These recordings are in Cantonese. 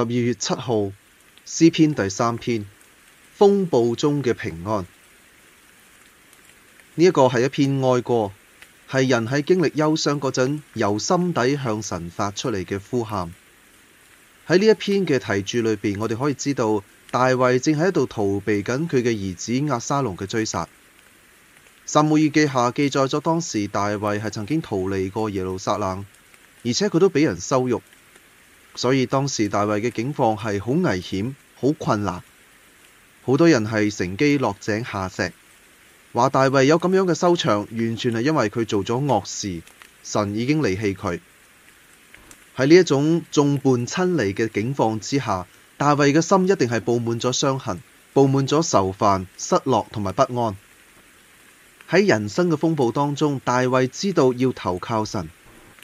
十二月七號，詩篇第三篇，風暴中嘅平安。呢一個係一篇哀歌，係人喺經歷憂傷嗰陣，由心底向神發出嚟嘅呼喊。喺呢一篇嘅題註裏邊，我哋可以知道，大衛正喺度逃避緊佢嘅兒子押沙龍嘅追殺。撒母耳記下記載咗當時大衛係曾經逃離過耶路撒冷，而且佢都俾人羞辱。所以當時大衛嘅境況係好危險、好困難，好多人係乘機落井下石，話大衛有咁樣嘅收場，完全係因為佢做咗惡事，神已經離棄佢。喺呢一種眾叛親離嘅境況之下，大衛嘅心一定係布滿咗傷痕，布滿咗愁煩、失落同埋不安。喺人生嘅風暴當中，大衛知道要投靠神。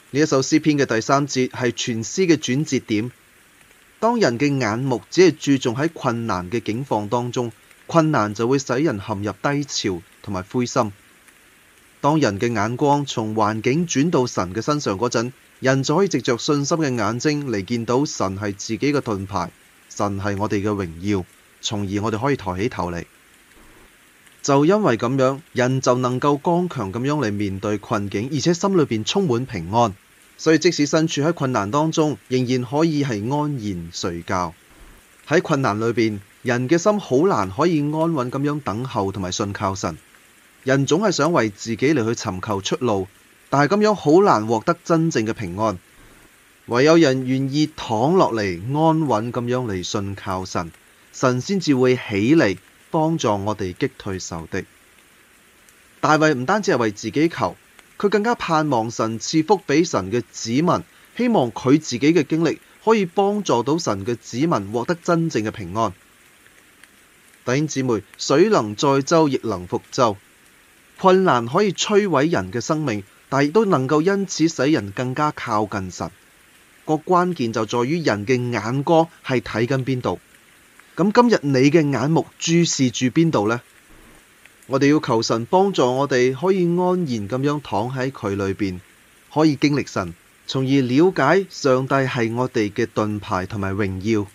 呢一首詩篇嘅第三節係全詩嘅轉折點。當人嘅眼目只係注重喺困難嘅境況當中，困難就會使人陷入低潮同埋灰心。當人嘅眼光從環境轉到神嘅身上嗰陣，人就可以藉着信心嘅眼睛嚟見到神係自己嘅盾牌，神係我哋嘅榮耀，從而我哋可以抬起頭嚟。就因為咁樣，人就能夠剛強咁樣嚟面對困境，而且心裏邊充滿平安，所以即使身處喺困難當中，仍然可以係安然睡覺。喺困難裏邊，人嘅心好難可以安穩咁樣等候同埋信靠神。人總係想為自己嚟去尋求出路，但係咁樣好難獲得真正嘅平安。唯有人願意躺落嚟安穩咁樣嚟信靠神，神先至會起嚟。幫助我哋擊退仇敵。大衛唔單止係為自己求，佢更加盼望神賜福俾神嘅子民，希望佢自己嘅經歷可以幫助到神嘅子民獲得真正嘅平安。弟兄姊妹，水能載舟亦能覆舟，困難可以摧毀人嘅生命，但亦都能夠因此使人更加靠近神。個關鍵就在於人嘅眼光係睇緊邊度。咁今日你嘅眼目注視住邊度呢？我哋要求神幫助我哋可以安然咁樣躺喺佢裏面，可以經歷神，從而了解上帝係我哋嘅盾牌同埋榮耀。